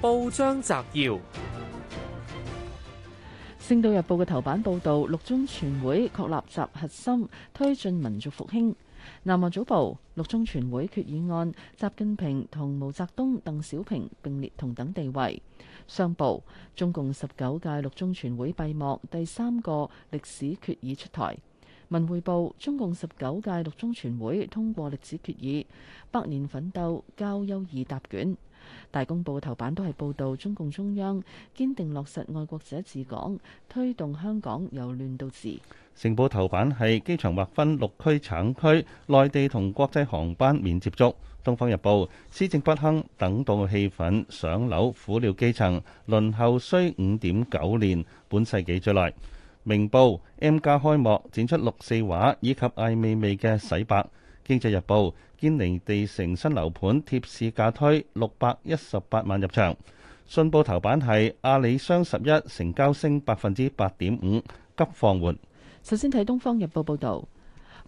報章摘要：《星島日報》嘅頭版報道，六中全會確立習核心，推進民族復興。南組部《南華早報》六中全會決議案，習近平同毛澤東、鄧小平並列同等地位。商報，中共十九屆六中全會閉幕，第三個歷史決議出台。《文匯報》中共十九屆六中全會通過歷史決議，百年奮鬥交優異答卷。大公報嘅頭版都係報道中共中央堅定落實愛國者治港，推動香港由亂到治。《成報》頭版係機場劃分六區橙區，內地同國際航班免接觸。《東方日報》施政不亨，等到氣氛上樓，苦了基層。輪候需五點九年，本世紀最耐。《明報》M+ 開幕，展出六四畫以及艾未未嘅洗白。經濟日報堅尼地城新樓盤貼市價推六百一十八萬入場。信報頭版係阿里雙十一成交升百分之八點五，急放緩。首先睇《東方日報》報導，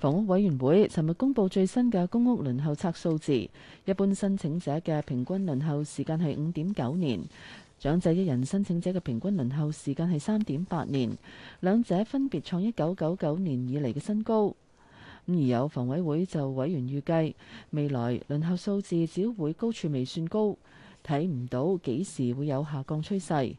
房屋委員會尋日公布最新嘅公屋輪候冊數字，一般申請者嘅平均輪候時間係五點九年，長者一人申請者嘅平均輪候時間係三點八年，兩者分別創一九九九年以嚟嘅新高。咁而有房委會就委員預計未來輪候數字只會高處未算高，睇唔到幾時會有下降趨勢，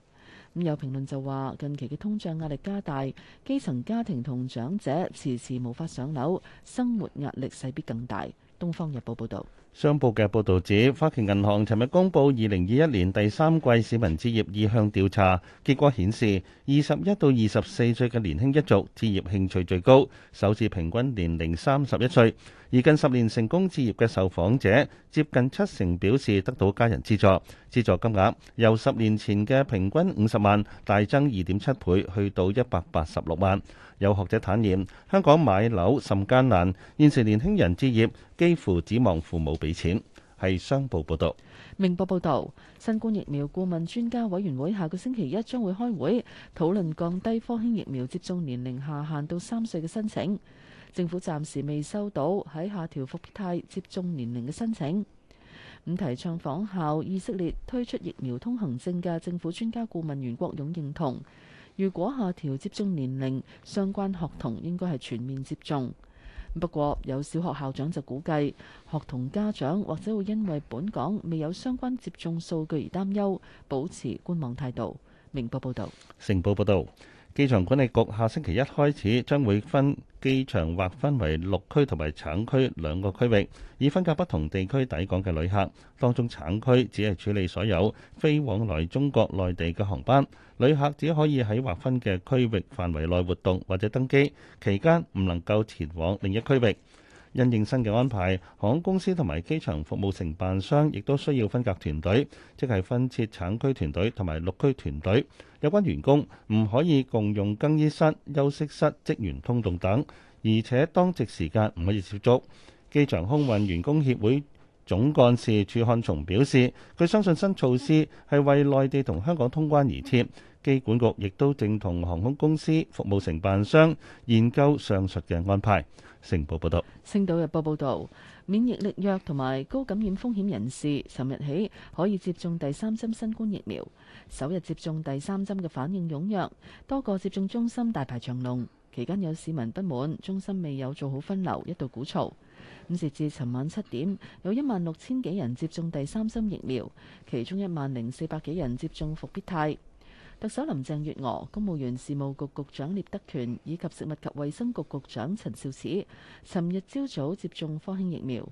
咁有評論就話近期嘅通脹壓力加大，基層家庭同長者遲遲無法上樓，生活壓力勢必更大。《東方日報》報道。商報嘅報道指，花旗銀行尋日公布二零二一年第三季市民置業意向調查結果顯示，顯示二十一到二十四歲嘅年輕一族置業興趣最高，首次平均年齡三十一歲。而近十年成功置業嘅受訪者，接近七成表示得到家人資助，資助金額由十年前嘅平均五十萬大增二點七倍，去到一百八十六萬。有學者坦言，香港買樓甚艱難，現時年輕人置業幾乎指望父母。俾錢係商報報道，明報報道，新冠疫苗顧問專家委員會下個星期一將會開會討論降低科興疫苗接種年齡下限到三歲嘅申請。政府暫時未收到喺下調復必泰接種年齡嘅申請。五、提倡仿效以色列推出疫苗通行證嘅政府專家顧問袁國勇認同，如果下調接種年齡，相關學童應該係全面接種。不過，有小學校長就估計，學童家長或者會因為本港未有相關接種數據而擔憂，保持觀望態度。明報報道。成報報導。機場管理局下星期一開始將會分機場劃分為綠區同埋橙區兩個區域，以分隔不同地區抵港嘅旅客。當中橙區只係處理所有飛往來中國內地嘅航班，旅客只可以喺劃分嘅區域範圍內活動或者登機，期間唔能夠前往另一區域。因應新嘅安排，航空公司同埋機場服務承辦商亦都需要分隔團隊，即係分設橙區團隊同埋綠區團隊。有關員工唔可以共用更衣室、休息室、職員通道等，而且當值時間唔可以接觸。機場空運員工協會總幹事處漢松表示，佢相信新措施係為內地同香港通關而設。機管局亦都正同航空公司服務承辦商研究上述嘅安排。報星報報道，星島日報報道，免疫力弱同埋高感染風險人士，尋日起可以接種第三針新冠疫苗。首日接種第三針嘅反應踴躍，多個接種中心大排長龍。期間有市民不滿中心未有做好分流，一度鼓噪。咁截至尋晚七點，有一萬六千幾人接種第三針疫苗，其中一萬零四百幾人接種伏必泰。特首林鄭月娥、公務員事務局局長聶德權以及食物及衛生局局長陳肇始，尋日朝早接種科興疫苗。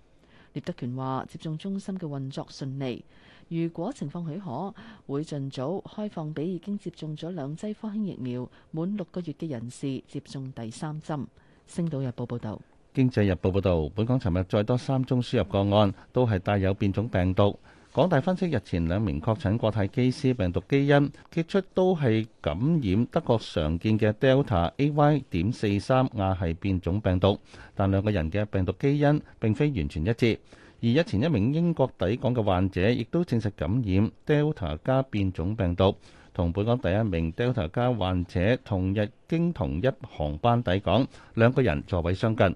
聶德權話：接種中心嘅運作順利，如果情況許可，會盡早開放俾已經接種咗兩劑科興疫苗滿六個月嘅人士接種第三針。星島日報報導，《經濟日報》報導，本港尋日再多三宗輸入個案，都係帶有變種病毒。港大分析日前兩名確診國泰機師病毒基因揭出，都係感染德國常見嘅 Delta AY 點四三亞系變種病毒，但兩個人嘅病毒基因並非完全一致。而日前一名英國抵港嘅患者亦都證實感染 Delta 加變種病毒，同本港第一名 Delta 加患者同日經同一航班抵港，兩個人座位相近。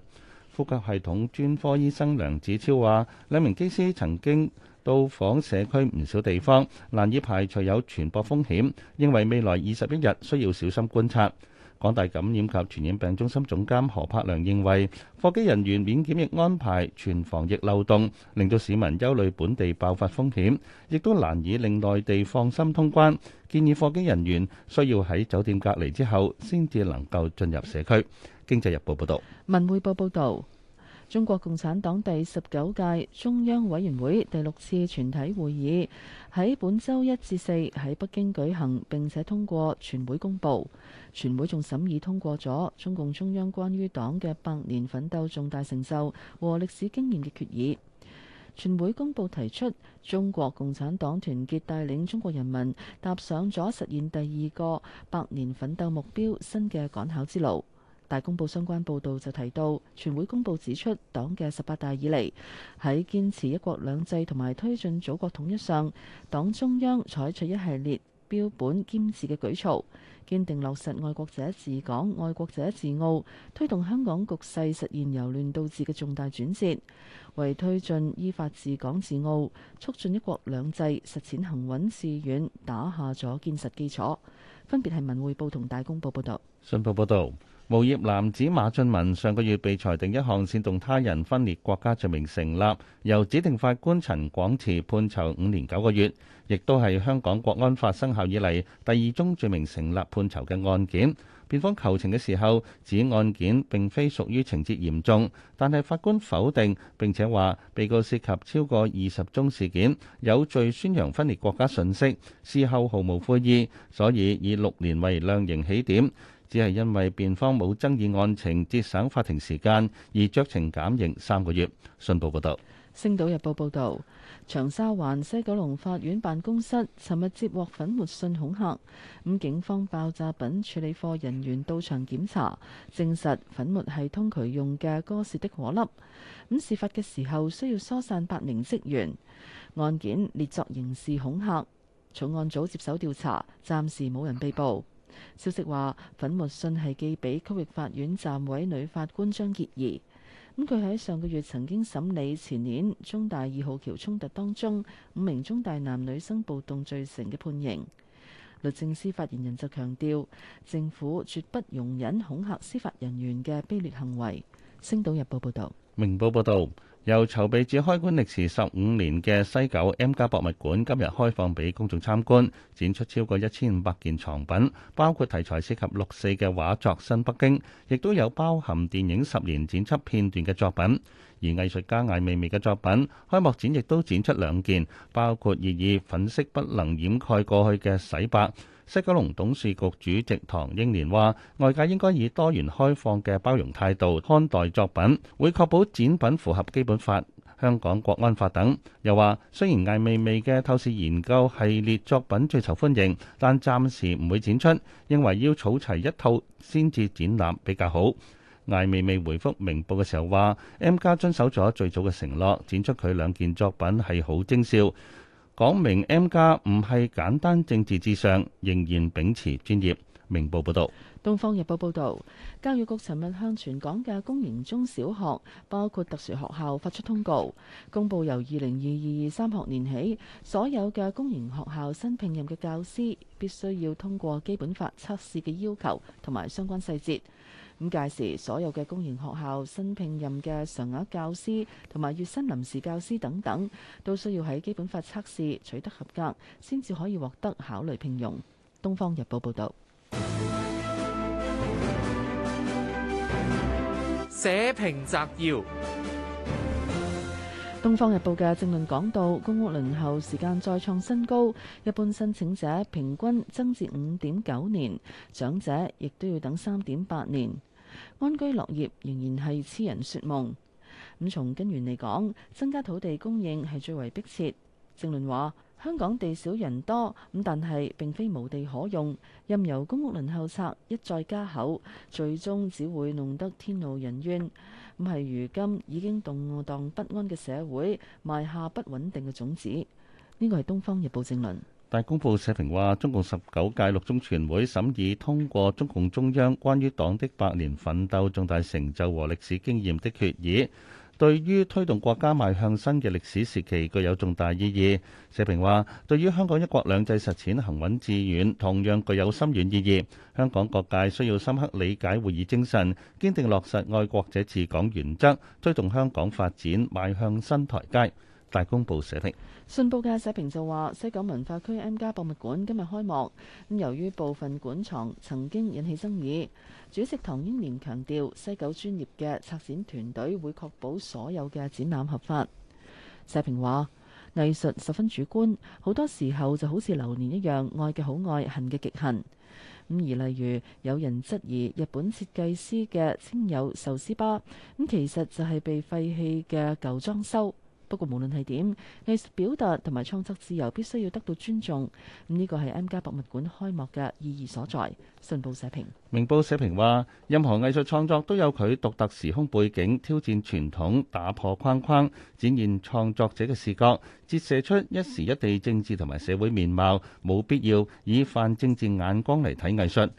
呼吸系統專科醫生梁子超話：兩名機師曾經。到訪社區唔少地方，難以排除有傳播風險，認為未來二十一日需要小心觀察。港大感染及傳染病中心總監何柏良認為，貨機人員免檢疫安排存防疫漏洞，令到市民憂慮本地爆發風險，亦都難以令內地放心通關。建議貨機人員需要喺酒店隔離之後，先至能夠進入社區。經濟日報報道。文匯報報導。中國共產黨第十九屆中央委員會第六次全體會議喺本周一至四喺北京舉行，並且通過全會公報。全會仲審議通過咗中共中央關於黨嘅百年奮鬥重大成就和歷史經驗嘅決議。全會公報提出，中國共產黨團結帶領中國人民踏上咗實現第二個百年奮鬥目標新嘅趕考之路。大公報相關報導就提到，全會公佈指出，黨嘅十八大以嚟喺堅持一國兩制同埋推進祖國統一上，黨中央採取一系列標本兼治嘅舉措，堅定落實愛國者治港、愛國者治澳，推動香港局勢實現由亂到治嘅重大轉折，為推進依法治港治澳、促進一國兩制實踐行穩致遠打下咗堅實基礎。分別係文匯報同大公報報道。新報報導。無業男子馬俊文上個月被裁定一項煽動他人分裂國家罪名成立，由指定法官陳廣慈判囚五年九個月，亦都係香港國安法生效以嚟第二宗罪名成立判囚嘅案件。辯方求情嘅時候指案件並非屬於情節嚴重，但係法官否定並且話被告涉及超過二十宗事件，有罪宣揚分裂國家訊息，事後毫無悔意，所以以六年為量刑起點。只係因為辯方冇爭議案情，節省法庭時間而酌情減刑三個月。信報報道：《星島日報》報道，長沙灣西九龍法院辦公室尋日接獲粉末信恐嚇，咁警方爆炸品處理課人員到場檢查，證實粉末係通渠用嘅哥士的果粒。咁事發嘅時候需要疏散八名職員，案件列作刑事恐嚇，重案組接手調查，暫時冇人被捕。消息話，粉末信係寄俾區域法院暫委女法官張潔儀。咁佢喺上個月曾經審理前年中大二號橋衝突當中五名中大男女生暴動罪成嘅判刑。律政司發言人就強調，政府絕不容忍恐嚇司法人員嘅卑劣行為。星島日報報道。明報報導。由籌備至開館歷時十五年嘅西九 M+ 博物館，今日開放俾公眾參觀，展出超過一千五百件藏品，包括題材涉及六四嘅畫作《新北京》，亦都有包含電影十年剪輯片段嘅作品。而藝術家艾未未嘅作品開幕展亦都展出兩件，包括熱議粉色不能掩蓋過去嘅洗白。西九龍董事局主席唐英年話：外界應該以多元開放嘅包容態度看待作品，會確保展品符合基本法、香港國安法等。又話雖然艾未未嘅透視研究系列作品最受歡迎，但暫時唔會展出，認為要儲齊一套先至展覽比較好。艾未未回覆明報嘅時候話：M+ 遵守咗最早嘅承諾，展出佢兩件作品係好徵兆。講明 M 家唔係簡單政治至上，仍然秉持專業。明報報導，《東方日報》報導，教育局尋日向全港嘅公營中小學，包括特殊學校，發出通告，公布由二零二二二三學年起，所有嘅公營學校新聘任嘅教師必須要通過基本法測試嘅要求同埋相關細節。咁屆時，所有嘅公營學校新聘任嘅常額教師同埋月薪臨時教師等等，都需要喺基本法測試取得合格，先至可以獲得考慮聘用。《東方日報》報道。社評摘要，《東方日報》嘅政論講到，公屋輪候時間再創新高，一般申請者平均增至五點九年，長者亦都要等三點八年，安居樂業仍然係痴人說夢。咁從根源嚟講，增加土地供應係最為迫切。政論話。香港地少人多，咁但係並非無地可用。任由公屋輪候冊一再加厚，最終只會弄得天怒人怨。咁係如今已經動盪不安嘅社會，埋下不穩定嘅種子。呢個係《東方日報》正論。大公報社評話：中共十九屆六中全會審議通過中共中央關於黨的百年奮鬥重大成就和歷史經驗的決議。對於推動國家邁向新嘅歷史時期，具有重大意義。社評話：對於香港一國兩制實踐行穩致遠，同樣具有深遠意義。香港各界需要深刻理解會議精神，堅定落實愛國者治港原則，推動香港發展，邁向新台階。大公報寫的信報嘅社評就話：西九文化區 M+ 博物館今日開幕，咁由於部分館藏曾經引起爭議，主席唐英年強調，西九專業嘅策展團隊會確保所有嘅展覽合法。社評話：藝術十分主觀，好多時候就好似榴槤一樣，愛嘅好愛，恨嘅極恨。咁而例如有人質疑日本設計師嘅清友壽司吧，咁其實就係被廢棄嘅舊裝修。不過無論係點，藝術表達同埋創作自由必須要得到尊重。咁呢個係 M+ 博物館開幕嘅意義所在。信報社評，明報社評話：任何藝術創作都有佢獨特時空背景，挑戰傳統，打破框框，展現創作者嘅視角，折射出一時一地政治同埋社會面貌。冇必要以泛政治眼光嚟睇藝術。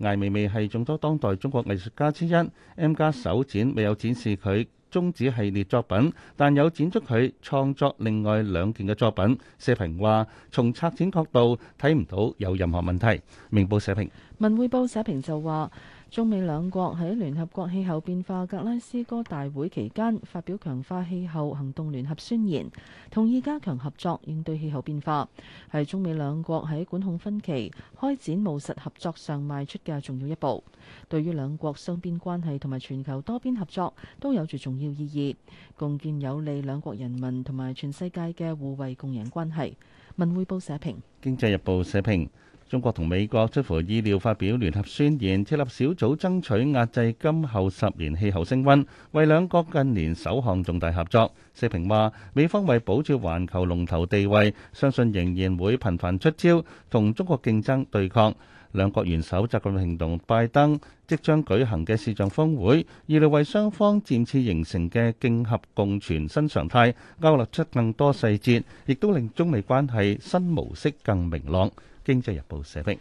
艾未未係眾多當代中國藝術家之一，M+ 首展未有展示佢。中止系列作品，但有展出佢創作另外兩件嘅作品。社評話，從策展角度睇唔到有任何問題。明報社評，文匯報社評就話。中美兩國喺聯合國氣候變化格拉斯哥大會期間發表強化氣候行動聯合宣言，同意加強合作應對氣候變化，係中美兩國喺管控分歧、開展務實合作上邁出嘅重要一步，對於兩國雙邊關係同埋全球多邊合作都有住重要意義，共建有利兩國人民同埋全世界嘅互惠共贏關係。文匯報社評，《經濟日報》社評。中國同美國出乎意料發表聯合宣言，設立小組爭取壓制今後十年氣候升温，為兩國近年首項重大合作。社評話，美方為保住環球龍頭地位，相信仍然會頻繁出招，同中國競爭對抗。兩國元首習近平同拜登即將舉行嘅視像峯會，而嚟為雙方漸次形成嘅競合共存新常態勾勒出更多細節，亦都令中美關係新模式更明朗。經濟日報社評。